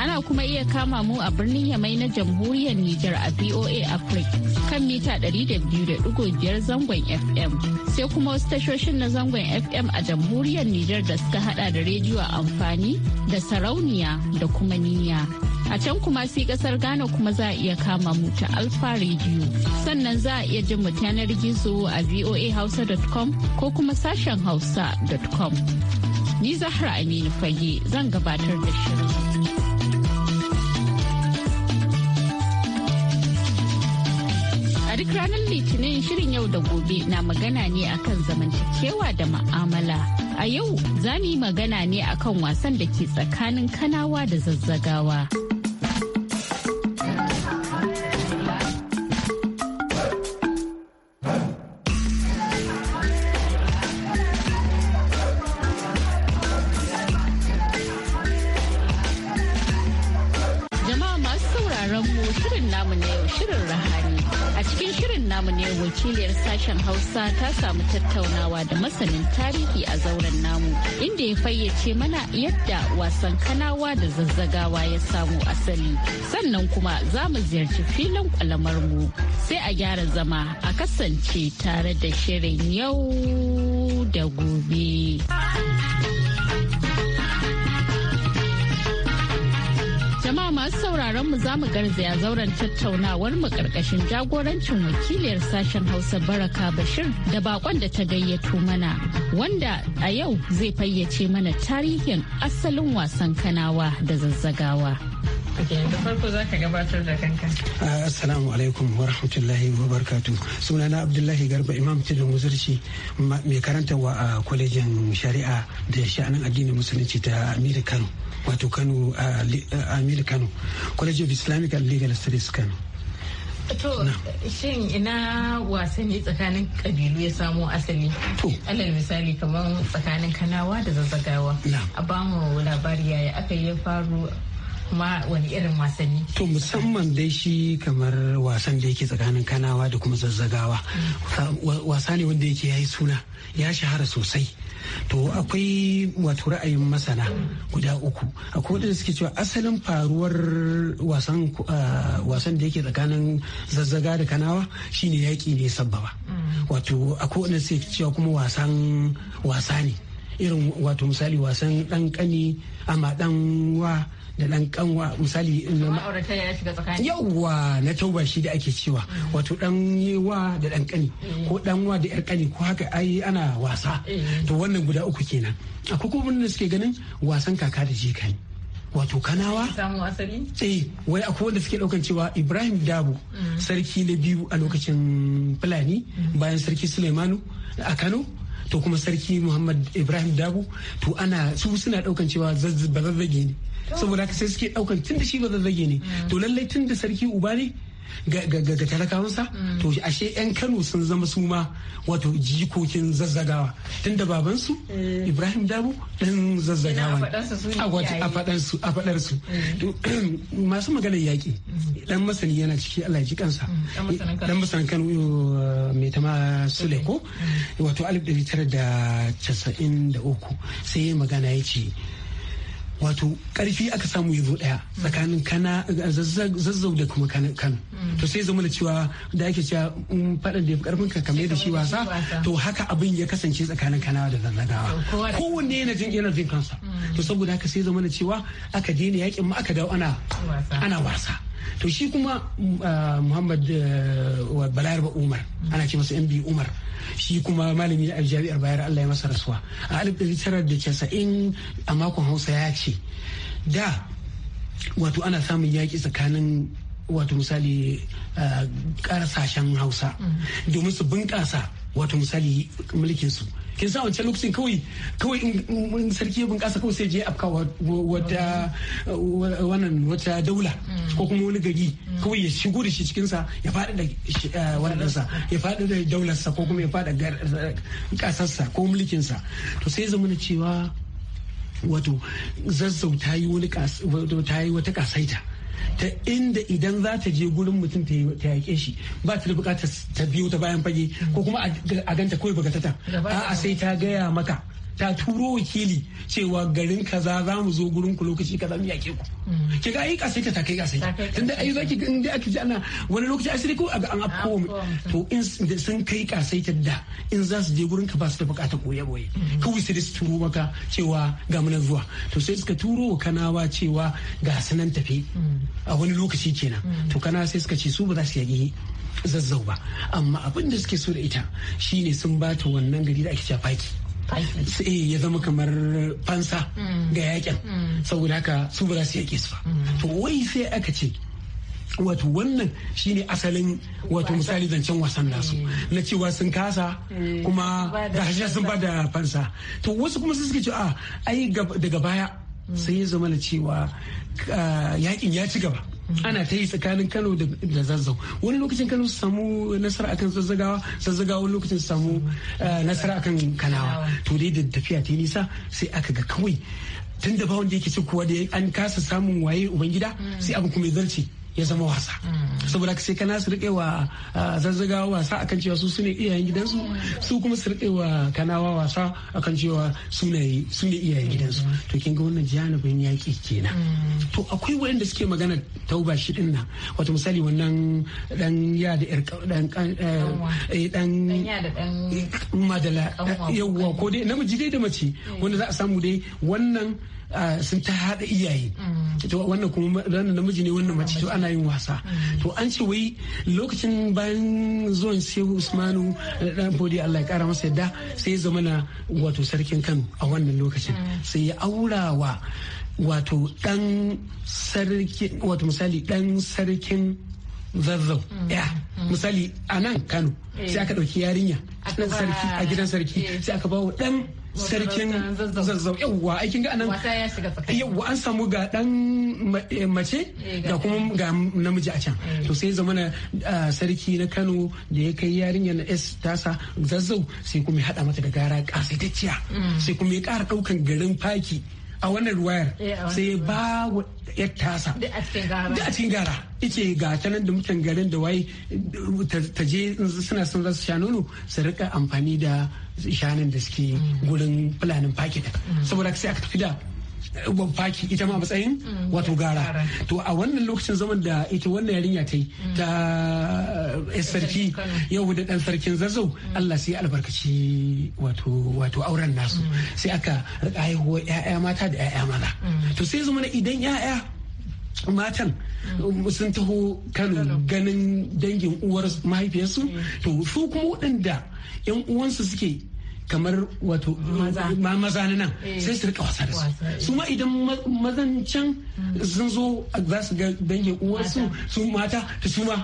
Ana kuma iya kama mu a birnin Yamai na jamhuriyar Nijar a VOA Africa kan mita 200.5 zangon FM. Sai kuma wasu tashoshin na zangon FM a jamhuriyar Nijar da suka hada da rediyo amfani da sarauniya da kuma niyya. A can kuma sai kasar Ghana kuma za a iya kama mu ta Alfa Radio. Sannan za a iya jin mu yanar gizo a voahausa.com ko kuma sashen hausa.com. Ni Zahra Aminu Fage zan gabatar da shirin. ranar Litinin shirin yau da gobe na magana ne akan zamantakewa da ma'amala. A yau za mu yi magana ne akan wasan da ke tsakanin kanawa da zazzagawa. Hausa ta samu tattaunawa da masanin tarihi a zauren namu inda ya fayyace mana yadda wasan kanawa da zazzagawa ya samu asali. Sannan kuma za mu ziyarci filin kwalamar mu sai a gyara zama a kasance tare da shirin yau da gobe. Jama'a masu sauraron mu za mu garzaya zauren tattaunawar mu karkashin jagorancin wakiliyar sashen Hausa Baraka Bashir da bakon da ta gayyato mana wanda a yau zai fayyace mana tarihin asalin wasan kanawa da zazzagawa. farko gabatar da ah, Assalamu alaikum wa rahmatullahi wa Sunana Abdullahi Garba Imam Tudun Wuzurci mai karantarwa a kwalejin shari'a da sha'anin addinin musulunci ta Amiri Kano. wato kano amir kano college of islamic and legal studies kano shin ina wasanni tsakanin kabilu ya samo asali? Alal misali kamar tsakanin kanawa da zazzagawa. A bamu labari yaya aka yi faru kuma wani irin wasanni to musamman dai shi kamar wasan da yake tsakanin kanawa da kuma zazzagawa wasa ne wanda yake yayi suna ya shahara sosai to akwai wato ra'ayin masana guda uku akwai wadanda suke cewa asalin faruwar wasan da yake tsakanin zazzaga da kanawa shine yaƙi ne sabbaba wato akwai wadanda suke cewa kuma wasan wasa ne irin wato misali wasan ɗan ƙani amma ɗan wa da dan kanwa misali yauwa na tauba shi da ake cewa mm. wato dan yewa da dan kani mm. ko dan wa da yar kani ko haka ai ana wasa mm. to wannan guda uku kenan akwai kuma da suke ganin wasan kaka da jikani wato kanawa eh wai akwai wanda suke daukan cewa ibrahim Dabu. sarki na biyu a lokacin fulani bayan sarki suleimanu a kano to kuma sarki muhammad ibrahim Dabu to ana su suna daukan cewa ba zazzage ne saboda haka sai suke daukan tun da shi ba zazzage ne to lallai tun da sarki uba ne ga talakawansa mm. to ashe yan kano sun zama su ma wato jikokin zazzagawa tunda babansu eh. ibrahim dabo dan zazzagawa a faɗansu a mm. faɗarsu masu maganar yaƙi dan mm. masani yana ciki allah ji kansa dan masanin kano mai tama sule ko wato alif ɗari tara da casa'in da uku sai magana ya ce wato karfi aka samu ya daya tsakanin kana zazzau da kuma kano mm. to sai zama da cewa da ake cewa mm, faɗan da ya karfin ka kamar da shi wasa to haka abin ya kasance tsakanin kanawa da zazzagawa kowanne yana jin yana jin kansa mm. to saboda haka sai zama da cewa aka daina yakin ma aka dawo ana wasa to shi kuma uh, muhammad uh, balayar ba umar ana ce masa mb umar shi kuma malami a jami'ar bayar allah ya masa rasuwa a casa'in a makon hausa ya ce da wato ana samun yaƙi tsakanin wato misali uh, ƙarasashen hausa mm. domin su bunƙasa wato misali mulkin su kin sa wancan lokacin kawai kawai in sarki ya bunkasa kawai sai je afka wata wannan wata daula ko kuma wani gari kawai ya shigo da shi cikin sa ya faɗi da eh, wannan sa ya faɗi da daular sa ko kuma ya faɗi kasar sa ko mulkin sa to sai zama na cewa wato zazzau ta yi wani ta yi wata kasaita ta inda idan za ta je gurin mutum ta yaƙe shi ba ta da bukatar ta biyo ta bayan fage ko kuma a ganta kawai bugatata a sai ta gaya maka ta turo wakili cewa garin kaza za mu zo gurin ku lokaci kaza mu yake ku mm. ki ga ai kasaita ta kai kasaita da ai zaki ga da ake ji ana wani lokaci asiri ko an afko mu to in sun kai kasaita da in za su je gurin ka ba su da bukata koye boye mm. kawai sai su turo maka cewa ga mu zuwa to sai suka turo wa kanawa cewa ga sanan tafi mm. a wani lokaci kenan to kana sai suka ce su ba za su yage zazzau ba amma abin da suke so da ita shine sun bata wannan gari da ake cewa faki ya zama kamar fansa mm. ga yakin mm. saboda haka su ba za su yake su ba mm. to wai sai aka ce wato wannan shine asalin wato misali zancen wasan nasu na cewa sun kasa kuma da hasha sun ba da fansa to wasu kuma sun suke cewa ah, ai daga baya sai ya zama na cewa ah, yakin ya ci gaba ana ta yi tsakanin kano da zazzau wani lokacin kano su samu nasara akan zazzagawa zazzagawa wani lokacin su samu eh, nasara akan kanawa to dai da tafiya ta nisa sai aka ga kawai tun da ba wanda yake ci kuwa da an kasa samun waye ubangida mm. sai abu kuma zarce ya zama wasa saboda sai kana su rike wa zazzaga wasa akan cewa su sune iyayen gidansu su kuma su rike wa kanawa wasa akan cewa su ne iyayen gidansu to kin ga wannan na bayan yaki kenan to akwai waɗanda suke magana tauba shi din nan wato misali wannan dan ya da yar dan dan madala yawwa ko dai namiji dai da mace wanda za a samu dai wannan sun ta haɗa iyaye to wannan kuma wannan namiji ne wannan mace to ana yin wasa to an ce wai lokacin bayan zuwan Shehu Usmanu da dan Fodi Allah ya kara masa yadda sai ya zama na wato sarkin Kano a wannan lokacin sai ya aurawa wato dan sarki wato misali dan sarkin zazzau ya misali a nan Kano sai aka ɗauki yarinya a gidan sarki eh. sai aka ba wa dan sarkin zazzau yawwa aikin ga anan yawwa an samu ga dan eh, mace eh, ga kuma ga namiji a can eh. to sai zama na sarki na Kano da ya kai yarinya na S tasa zazzau sai kuma ya hada mata da gara kasaitacciya mm. sai kuma ya kara daukan garin faki a wannan ruwayar eh, sai ba wa ya tasa da a cikin gara ice ga ta nan da mutan garin da wai ta je suna son za su sha nono su rika amfani da shanun da suke mm. gurin fulanin fakitin mm. saboda sai aka tafi da faki ita ma matsayin mm, wato gara to a wannan lokacin zaman da ita wannan yarinya ta yi mm. ta eh, sarki yau da dan sarkin zazzau mm. Allah sai albarkaci wato auren nasu sai aka rika haihuwa ƴaƴa mata da ƴaƴa maza to sai zama idan ƴaƴa matan um, sun taho kan ganin dangin uwar mahaifiyarsu to su kuma waɗanda 'yan uwansu suke kamar wato ma maza na nan eh. sai su rika wasa da su su ma idan mazan can hmm. sun zo za su ga dangin uwarsu su mata ta su ma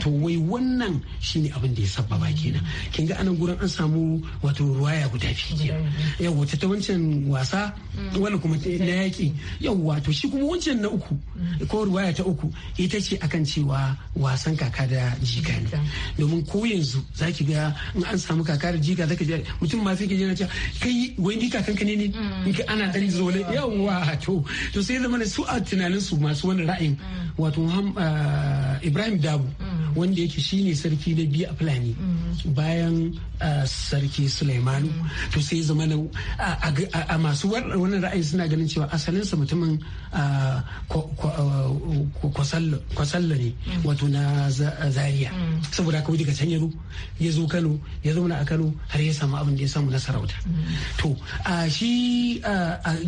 to wai wannan shine abin da ya sabbaba hmm. kenan kin ga anan gurin an samu wato ruwaya guda fiye Yau wata ta wancan wasa hmm. wani kuma na yaki Yau wato shi kuma wancan na uku ko ruwaya ta uku ita ce akan cewa wasan kaka da jika ne domin ko yanzu zaki ga in an samu kaka da jika zaka ji mutum ma sai ke jira cewa kai wai ni kakan ka ne ne mm. in ka ana dan zole yawa to to sai zama su a tunanin su masu wani ra'ayin mm. wato ah, Ibrahim Dabo mm. wanda yake shine sarki na biyu a Fulani bayan ah, sarki Sulaimanu to sai zama a masu wannan ra'ayi suna ganin cewa asalin sa mutumin ah, kwasallo ne wato na Zaria saboda haka daga can ya zo Kano ya zauna a Kano har ya samu samu abin da ya samu na sarauta mm. to a shi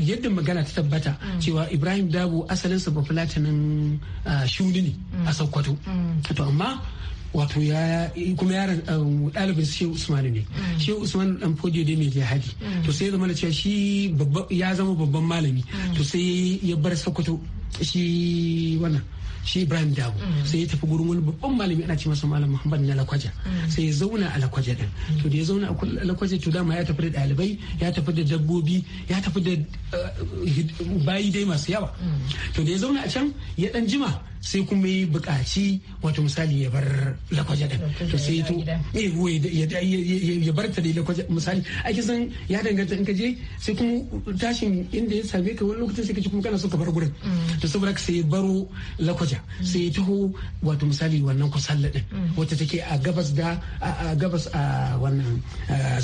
yadda magana ta tabbata mm. cewa ibrahim dabo asalinsa ba filatinin shuni ne a mm. sokoto to amma wato ya kuma yaran um, ɗalibin shehu usmanu ne shehu usmanu dan fojo da mai jihadi to sai ya zama cewa shi ya zama babban malami to sai ya bar sokoto shi wannan shi ibrahim Dabu. Mm. sai ya tafi gurin wani babban malami ana ce masa malam muhammad na lakwaja mm. sai ya zauna a lakwaja din mm. to da ya zauna a lakwaja to dama ya tafi da ɗalibai ya tafi da dabbobi ya tafi da eh, bayi dai masu yawa to da ya zauna a can ya dan jima sai kuma yi buƙaci wato misali ya bar lakwaje da to sai to eh, ya bar ta da lakwaje misali ake san ya danganta in ka je sai kuma tashin inda ya same ka wani lokacin sai ka ci kuma kana so ka bar gurin mm. to saboda ka sai baro lakwaje mm. sai ya taho wato misali wannan kusalla din mm. wata take a gabas da a gabas a wannan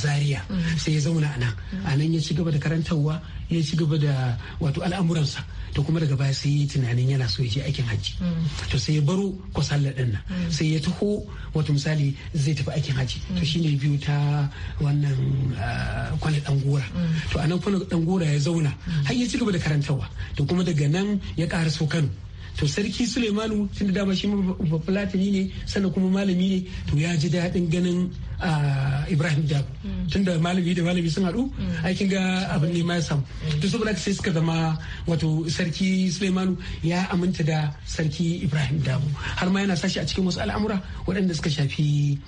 zaria sai ya zauna a nan a nan ya ci gaba da karantarwa ya ci gaba da wato al'amuransa to kuma daga baya sai yi tunanin yana so ya je aikin hajji mm. to sai ya baro ko din nan mm. sai ya taho wato misali zai tafi aikin hajji to mm. shine biyu ta wannan ah, kwana dan gora to anan kwana dan gora ya zauna har ya cigaba da karantarwa to kuma daga nan ya karaso Kano to sarki suleimanu tun da dama shi bafulatani ne sannan kuma malami ne to ya ji daɗin ganin ibrahim jab mm. tun da malami da malami sun haɗu mm. aikin ga abin ne ma ya samu to mm. saboda sai suka zama wato sarki suleimanu ya aminta da sarki ibrahim Dabu har ma yana sashi a cikin wasu al'amura waɗanda suka shafi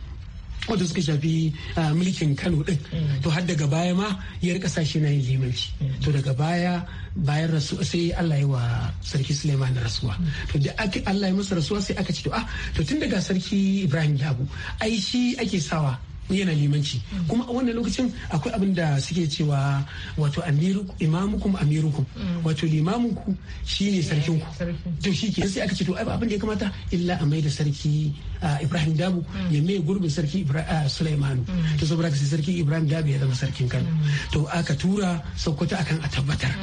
wanda suka shafi ah, mulkin kano din mm. to har daga baya ma ya rika na yin limanci mm. to daga baya bayan rasu sai Allah yi wa sarki Suleiman rasuwa mm. to da aka Allah yi masa rasuwa sai aka ce to ah to tun daga sarki Ibrahim dabu ai shi ake sawa yana limanci kuma a wannan lokacin akwai abin da suke cewa wato imamukum amirukum mm. wato limamunku ne sarkinku to shi ke sai aka ce to abin da ya kamata illa a da sarki Ibrahim Dabu mm. ya mai gurbin sarki Sulaimanu mm. to saboda ka sai sarki Ibrahim Dabu ya zama sarkin Kano to aka tura Sokoto akan a tabbatar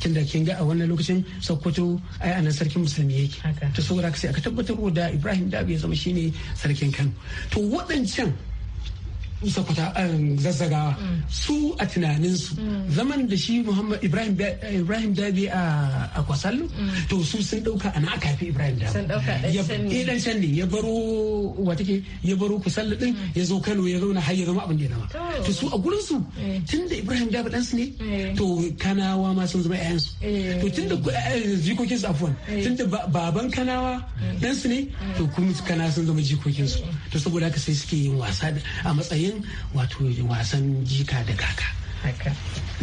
tunda kin ga a wannan lokacin Sokoto ai anan sarkin musulmi yake to saboda ka sai aka tabbatar da Ibrahim Dabu ya zama ne sarkin Kano to waɗancan sakwata um, zazzagawa su a tunaninsu zaman da shi muhammad ibrahim eh, dabi a kwasallu to su sun dauka ana aka ibrahim dabi dan ne eh, ya baro wata ke ya baro kusallu din ya zo kano ya zauna har ya zama abin da ya zama to su a gurin su eh. ibrahim dabi dan su ne to kanawa ma sun zama su. to tunda jikokin su afuwan tunda baban kanawa dan su ne to kuma kana sun zama jikokin su to saboda haka sai suke yin wasa a matsayin wato wasan jika da kaka.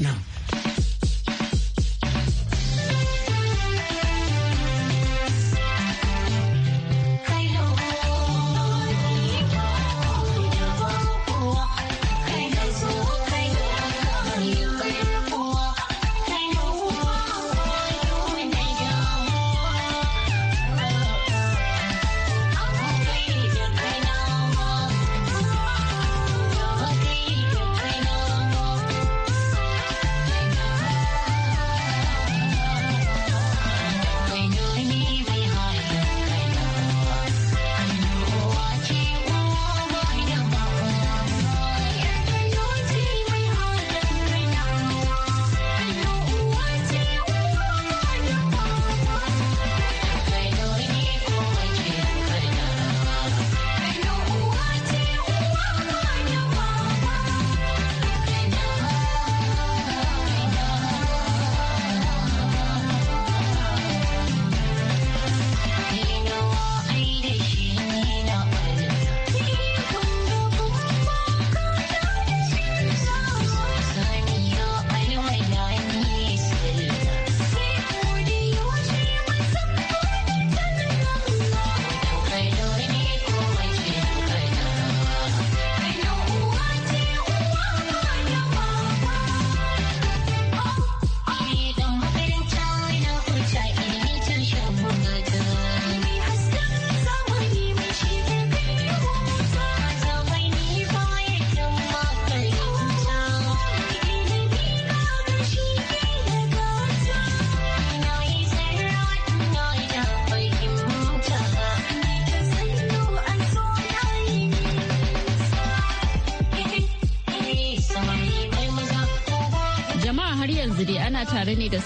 Na'am.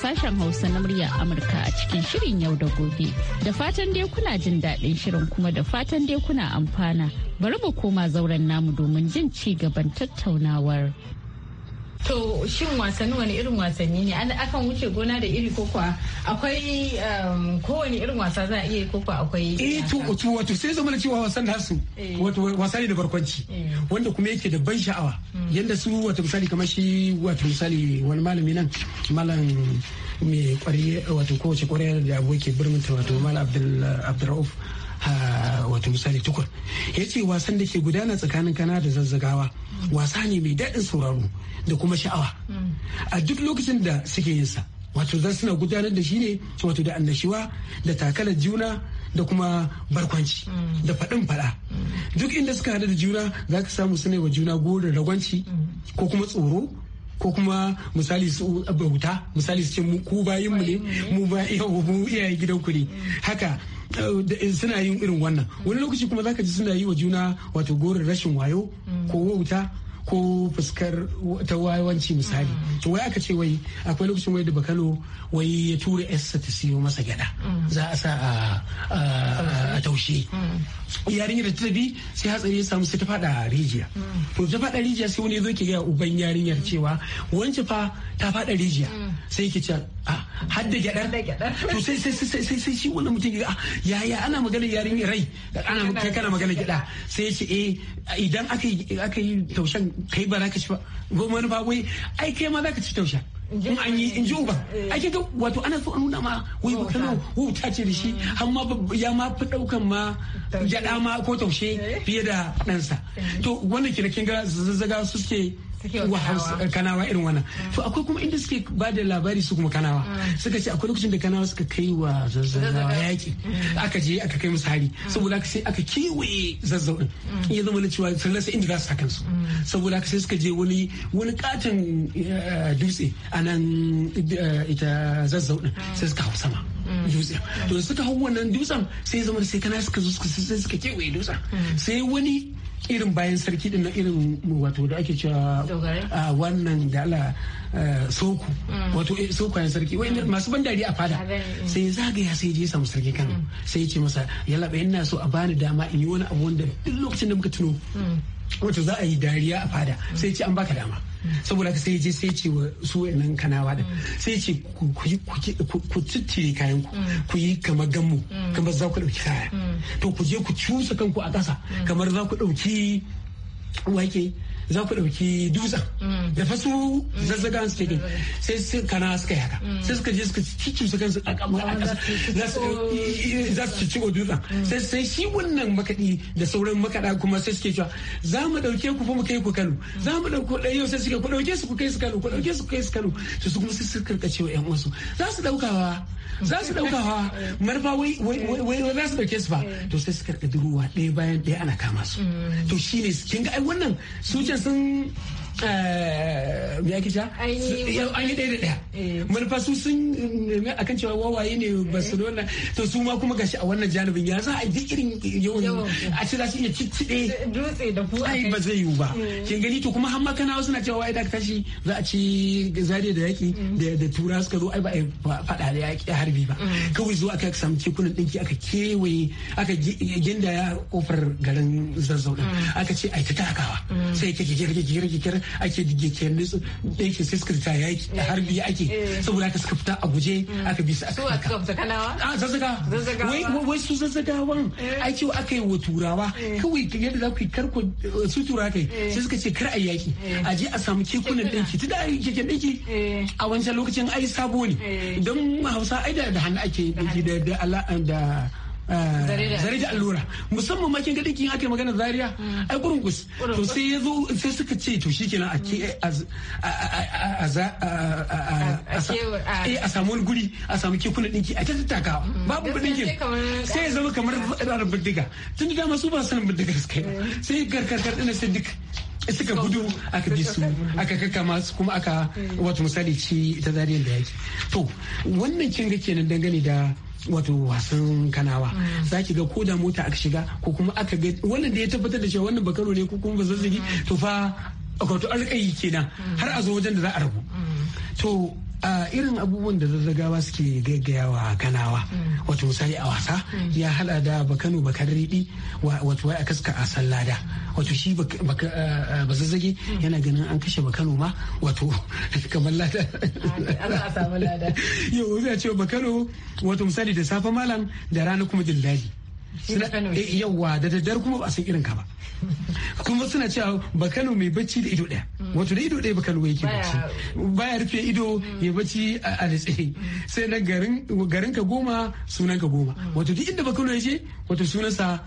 sashen Hausa na murya Amurka a cikin shirin yau da gobe. Da fatan dai kuna jin daɗin shirin kuma da fatan dai kuna amfana. Bari mu koma zauren namu domin jin ci gaban tattaunawar. To shin wasanni wani irin wasanni ne? An Akan wuce gona da iri ko kuwa akwai um, kowane irin wasa za a iya ko kuwa akwai. Eh to wato wato sai zama da cewa wasan da su. Eh. wato wasa ne da barkwanci eh. wanda kuma yake da ban sha'awa hmm. yanda su wato misali kamar shi wato misali wani malami nan malam mai kwari wato kowace kwarya da abu yake birnin wato malam Abdul Abdulrauf Ah, wato misali tukur ya ce wasan da ke gudana tsakanin kana da zazzagawa wasa ne mai daɗin sauraro da kuma sha'awa a duk lokacin da suke yinsa sa wato za suna gudanar da shi ne wato da annashuwa da takalar juna da kuma barkwanci da faɗin faɗa duk inda suka haɗu da juna za ka samu suna wa juna gori ragwanci ko kuma tsoro ko kuma misali su bauta misali su ce mu ku bayin mu ne mu ba iyaye gidan ku ne haka Eh, suna yin irin wannan wani lokaci kuma za ka ji suna yi wa juna wato gorin rashin wayo ko wuta ko fuskar ta wayawanci misali to wai aka ce wai akwai lokacin wai da bakalo wai ya tura yarsa ta siyo masa gyada za a sa a bushe yarinyar da ta tafi sai hatsari ya samu sai ta fada rijiya to ta fada rijiya sai wani ya zo ke ga uban yarinyar cewa wancan fa ta fada rijiya sai ke ce a ah, har da gyadar to sai sai sai sai sai shi wannan mutum ya ah, yaya ana magana yarinyar rai ana kai kana magana gyada sai ya ce eh idan aka yi aka yi taushen kai ba za ka ci ba goma wani ba wai ai kai ma za ka ci taushen in ji eh, uba eh. ai kaga wato ana so a nuna ma wai ba kano wuta ce da shi mm. amma ya ma fi daukan ma gyada ma ko taushe eh. fiye da ɗansa to wanda kina kin ga zazzaga suke wa hausa kanawa irin wannan to akwai kuma inda suke ba da labari su kuma kanawa mm. suka ce akwai lokacin da kanawa suka kai wa zazzanawa yaki mm. aka je aka kai musu hari mm. saboda haka sai aka kewaye zazzau din ya zama na cewa sun rasa inda za su hakan su saboda haka sai suka je wani wani katin eh, dutse a nan eh, ita zazzau din sai suka hau sama dutse to suka hau wannan dutsen sai zama sai kana suka zo suka sai suka kewaye dutsen sai wani irin bayan sarki din na irin wato da ake cewa a ah, wannan da ala eh, soku mm. wato eh, soku yan sarki mm. masu ban dariya a fada mm. sai zagaya sai je samu sarki kano sai ya ce masa yalla ina so a bani dama in yi wani abu wanda duk lokacin da muka tuno wato za a yi dariya a fada sai ce an baka dama saboda sai je sai ce wa su wayannan kanawa da sai ce ku ciccire kayan ku ku yi kamar gammu kamar za ku dauki kaya to ku je ku cusa kanku a ƙasa kamar za ku dauki wake za ku ɗauki dutsen mm. da fasu mm. zazzagan suke din mm. sai su kana suka yaka sai suka je suka cici su kansu a ƙasa za su cici dutsen sai sai shi wannan makaɗi da sauran makaɗa kuma sai suke cewa za mu ɗauke ku fa mu kai ku Kano za mu ɗauko ɗan yau sai suke ku ɗauke su ku kai su Kano ku ɗauke su ku kai su Kano su su kuma sai su karkace wa ƴan uwansu za su ɗaukawa za su ɗaukawa marfa wai wai wai za su ɗauke su fa to sai su karka duruwa ɗaya bayan ɗaya ana kama su to shine kin ga ai wannan su can 嗯。ya kita an yi ɗaya da ɗaya eh. Manufasu sun eh, akan cewa wawaye ne barcelona to su ma kuma gashi a wannan janibin ya za a yi irin yawan a ce za iya cicciɗe eh, dutse da ku ai ba zai yiwu ba kin gani to kuma har makana suna cewa ai da tashi za a ci zariya da yaki mm. da tura suka zo ai ba a faɗa da yaki harbi ba mm. kawai zo aka samu kekunan ɗinki aka kewaye aka gindaya kofar garin zazzau mm. aka ce ai ta takawa sai ke kikir kikir kikir ake digekiyar nisu da yake sai suka ta yaki da harbi ake eh, eh. saboda aka suka fita a guje mm. aka bi su aka a zazzaga wai su zazzagawan eh. ai cewa aka yi wa turawa kawai yadda za ku yi karko su tura kai sai suka ce kar a yaki a je a samu kekunan ɗinki da a keken ɗinki a wancan lokacin ai sabo ne don hausa ai da hannu ake ɗinki da zare da allura musamman ma kin ga dinkin aka magana zaria ai kurungus to sai ya zo sai suka ce to shikenan a ke a samu wani guri a samu kekuna dinki a ta tattaka babu dinkin sai ya zama kamar rarar bindiga tun da dama su ba sanin bindigar suka yi sai garkarkar ɗin sai duk suka gudu aka bi su aka kakama su kuma aka wato misali ci ta zariyar da yaki to wannan kin ga kenan dangane da wato wasan kanawa mm. za ki ga ko da mota aka shiga ko kuma aka ga wannan da ya tabbatar da cewa wannan bakaro ne ko kuma ba zazzagi to fa wato alƙayi kenan mm. har a zo wajen da za a rabu mm. to a irin abubuwan da zazzagawa suke gaggayawa kanawa mm. wato misali a wasa mm. ya hada da bakano bakar riɗi wato wai a kaska a sallada wato shi ba zazzage mm. yana ganin an kashe bakano ma wato kamar lada yau zai ce bakano wato misali da safe malam da rana kuma dillali Eh, yauwa da daddare kuma ba a san irin ka ba kuma suna cewa ba kano mai bacci da ido daya mm. wato da ido daya ba kano yake bacci baya rufe ido mm. ya bacci a nitse sai na garin ka goma sunan ka goma mm. wato duk inda ba kano ce wato sunansa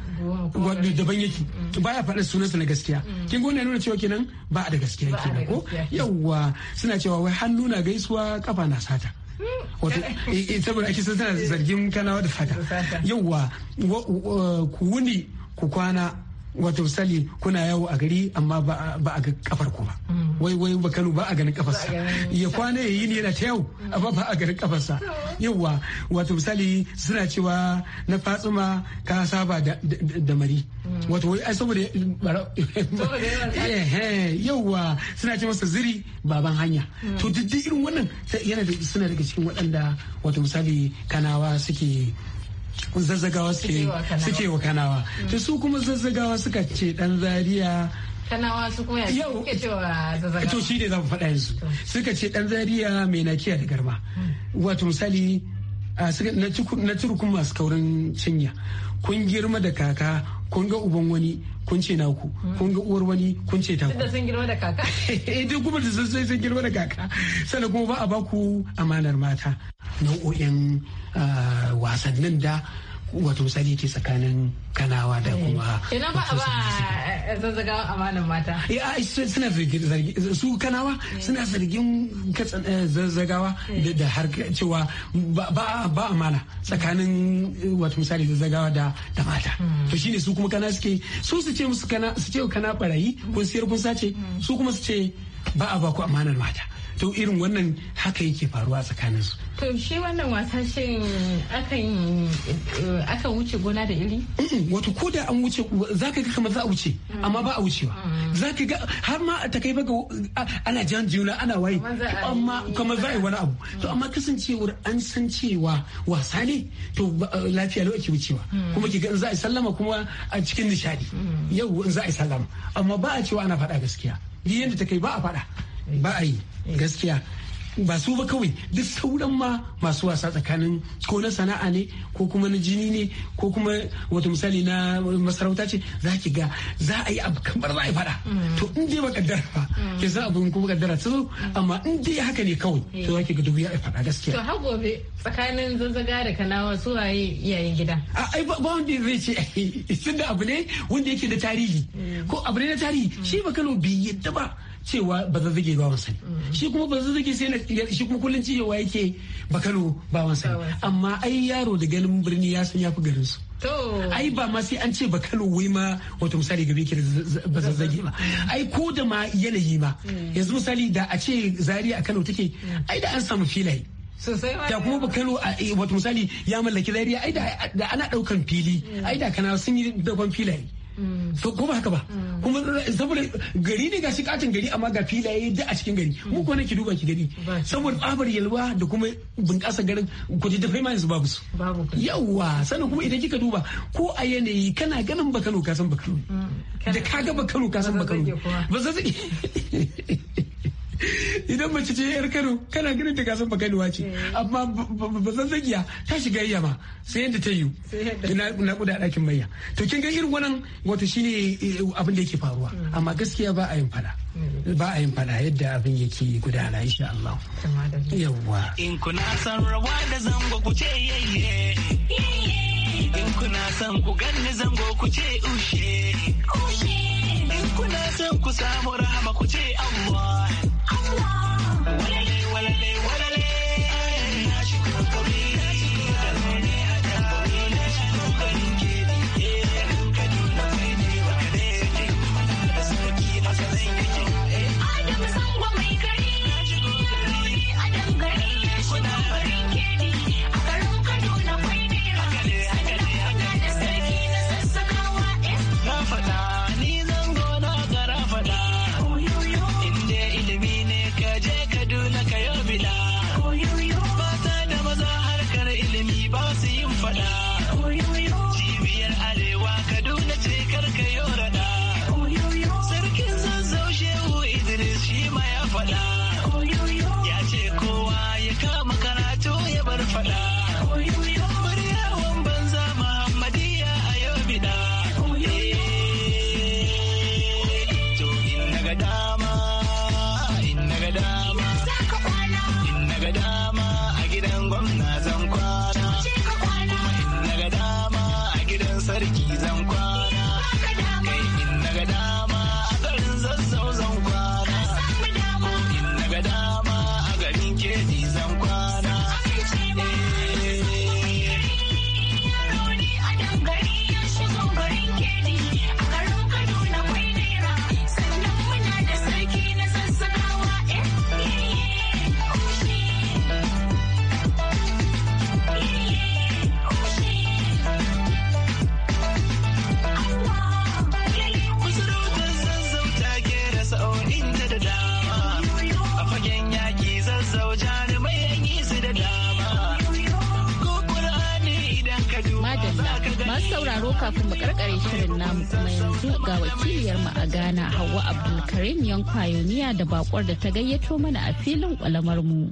daban yake baya faɗa sunansa na gaskiya kin gona nuna cewa kenan ba a da gaskiya kenan ko yauwa suna cewa wai hannu na gaisuwa kafa na sata saboda ake sun tana zargin kanawa da fata yauwa ku wuni ku kwana wato sali kuna yawo a gari amma ba a ga kafar ku ba mm. wai wai ba kano ba a ganin kafarsa ya kwana ya yi ne yana ta yau amma ba a ganin kafarsa yawa wato misali suna cewa na fatsuma ka saba da mari mm. wato wai ai saboda yawa eh, eh, suna ce masa ziri baban hanya mm. to duk irin wannan yana da suna daga cikin waɗanda wato misali kanawa suke zazzagawa suke wa kanawa ta mm. su kuma zazzagawa suka ce dan zaria kanawa su koya yau to shi ne za faɗa yanzu suka ce dan zaria mai nakiya da garma mm. wato misali na turkun masu kaurin cinya kun girma da kaka kun ga uban wani kun ce naku kun ga uwar wani kun ce ta da sun girma da kaka eh duk kuma da sun sun girma da kaka sannan kuma ba a baku amanar mata nau'o'in ah, wasannin da wato misali ce tsakanin kanawa da kuma eh, ina ba a ba zazzagawa amanan mata ya eh. suna zargin su kanawa suna eh, zargin zazzagawa da har cewa ba a mala tsakanin wato misali zazzagawa da mata hmm. to shine su kuma kana suke su su ce musu kana su ce kana barayi kun siyar kun sace hmm. su kuma su ce ba a baku amanar mata to irin wannan haka yake faruwa tsakanin su to shi wannan wasa shin akan wuce gona da iri wato ko da an wuce ka ga kamar za a wuce amma ba a wucewa mm. ka ga har ma ta kai baga ana jan juna ana waye kamar za a yi wani abu mm. to amma kasancewar an san cewa wasa ne to eh, lafiya lau ake wucewa mm. kuma ki ga in za a yi sallama kuma a cikin nishadi yau in za a yi sallama amma ba a cewa ana faɗa gaskiya yadda ta kai ba a faɗa ba a yi eh. gaskiya ba su ba kawai duk sauran ma masu wasa tsakanin ko na sana'a ne ko kuma na jini ne ko kuma wata misali na masarauta ce za ki ga za a yi abu kamar za a yi fada mm. to in dai baka kaddara ba mm. ke za abu kuma baka ta zo mm. amma in dai haka ne kawai to za ki ga dubu ya yi fada gaskiya. to har gobe tsakanin zanzaga da kanawa su waye iyayen gida. ai ba wanda zai ce tun da abu ne wanda yake da tarihi ko abu ne na tarihi shi ba kano bi yadda ba cewa ba zazzage ba wansa mm. shi kuma ba zazzage sai na shi kuma kullun cewa yake ba Kano ba wansa amma ai yaro da ganin birni ya san yafi garin su ai ba ma sai an ce ba Kano wai ma wato misali gabe ke ba zazzage ba mm. ai ko da ma yanayi ma mm. yanzu misali da a ce zari a Kano take ai da an samu filaye sosai da kuma ba kano eh, wato misali ya mallaki zari ai da ana daukan fili ai da kana sun yi dogon filaye Mm. so ko ba haka ba mm. kuma saboda gari ne gashi katin gari amma ga filaye da a cikin gari mm. mu ko nake duba ki gari saboda tsabar yalwa da kuma bunƙasa garin ku ji dafai ma yanzu babu su yawa sannan kuma idan kika duba ko a yanayi kana ganin ba ka san da ka ba ka idan mace ce yar kano kana ganin ta kasan bakanuwa ce eh. amma ba san zagiya ta shiga yayya ba sai yadda ta yi na kuda dakin mayya to kin ga irin wannan wato shine eh, abin da yake faruwa mm. amma gaskiya ba a yin fada mm. ba a yin fada yadda abin yake gudana insha Allah yawa in kuna san rawa da zango ku ce yayye in kuna san ku ganni zango ku ce ushe in kuna san ku samu rahama ku ce Allah I kafin mu karkare shirin namu kuma yanzu ga wakiliyar mu a Ghana Hauwa Abdulkarim Yankwayoniya da bakwar da ta gayyato mana a filin kwalamar mu.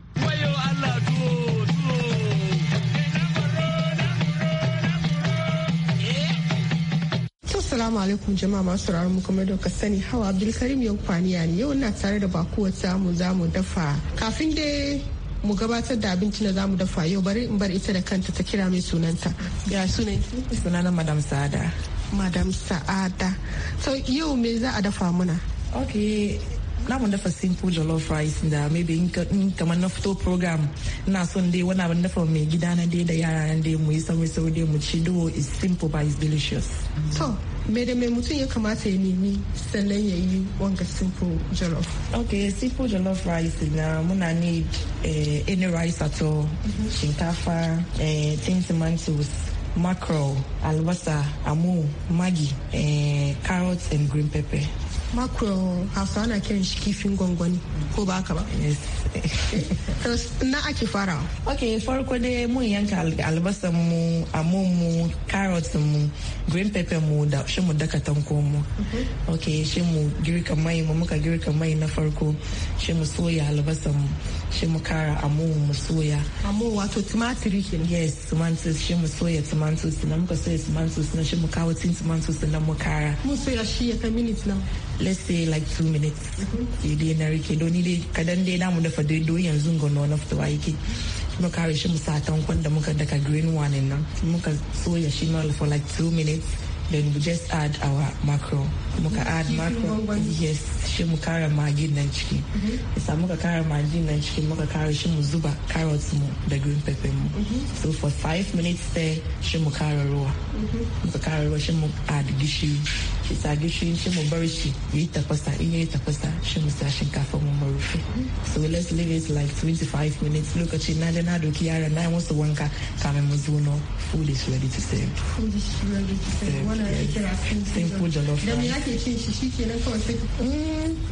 Assalamu alaikum jama'a masu mu kamar da sani hawa Abdulkarim yau kwaniya ne yau na tare da bakuwar mu zamu dafa kafin dai mu gabatar da abinci na za mu dafa yau bari in bar ita da kanta ta kira mai sunanta ya ki sunana madam sa'ada madam sa'ada so yau me za a dafa muna okay na mu dafa simple jollof rice da uh, maybe in kamar na fito program ina son dai wani abin dafa mai gida na dai da yara na dai mu yi sauri sauri dai mu ci do is simple but is delicious to me da mai mutum ya kamata ya nemi sannan ya yi wanga simple jollof okay simple jollof rice uh, na muna need eh, any rice at all mm-hmm. shinkafa eh, tin tomatoes mackerel albasa amu maggi eh, carrots and green pepper mako hausa ana kiran shi kifin gwangwani ko ba haka ba na ake fara. ok farko dai mun yanka albasan mu amon mu carrot mu green pepper mu da shi mu daka tanko mu ok shi mu girka mai mu muka girka mai na farko shi mu soya albasan mu shi mu kara amu mu soya amu wato tumatiri kenan yes tomatoes shi mu soya tomatoes na muka soya tomatoes na shi mu kawo tin tomatoes na mu kara mu soya shi ya kai minutes na let's say like two minutes mhm. ya dai na rike don ni dai kadan dai namu dafa dai doyi yanzu ga nono fitowa yake mu kare shi mu sa tankon da muka daka green one nan muka soya shi for like two minutes then we just add our mackerel muka add mackerel yes shi mu kara magin nan ciki isa mm-hmm. muka kara magin nan ciki muka kara shi mu zuba carrots mu da green pepper mu mm-hmm. so for five minutes there shi mu kara ruwa mm-hmm. muka kara ruwa shi mu add gishiri shi tsage shi shi mu bar shi yayi tafasa in yayi tafasa shi mu sa shinkafa mu marufe so let's leave it like 25 minutes lokaci na da na doki yara na wanka kamin mu zo no food is ready to serve food is ready to serve wannan yake kira simple jollof da me ake cin shi shikenan kawai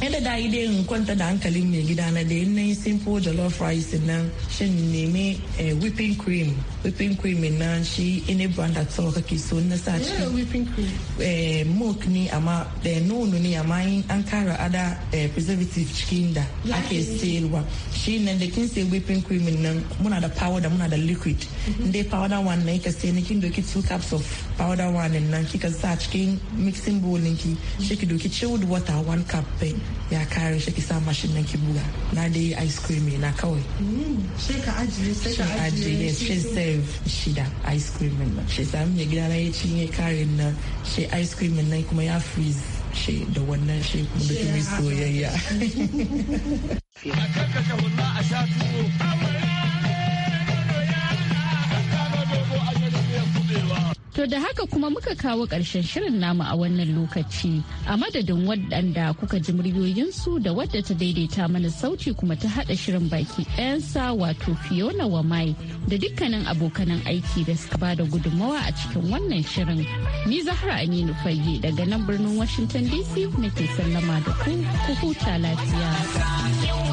sai da yi dai in kwanta da hankalin mai gida na da yin simple jollof rice nan shi nemi eh, whipping cream whipping cream nan shi ina brand at all kake so na sa cikin milk ni amma eh, eh, da nono ne amma an kara ada preservative cikin da ake sayarwa shi nan da kin sai whipping cream nan muna da powder muna da liquid mhm. dai powder one na kika sai kin doki two cups of powder one nan kika sa cikin mixing bowl ki mhm. shi ki doki chilled water one cup eh, ya kare shi ki sa mashin nan ki buga na yi ice cream na kawai mm, shi ka ajiye sai ka ajiye shi save ice cream nan shi sami ya gida na ya cinye karin nan shi ice cream nan kuma kuma ya freeze shi da wannan shi kuma da soyayya. To da haka kuma muka kawo ƙarshen shirin namu a wannan lokaci a madadin waɗanda kuka ji muryoyinsu da wadda ta daidaita mana sauti kuma ta haɗa shirin baki ɗayansa wato Fiona Wamai da dukkanin abokanan aiki da suka ba da gudummawa a cikin wannan shirin. Ni Zahra Aminu Fage daga nan birnin Washington DC nake sallama da ku ku huta lafiya.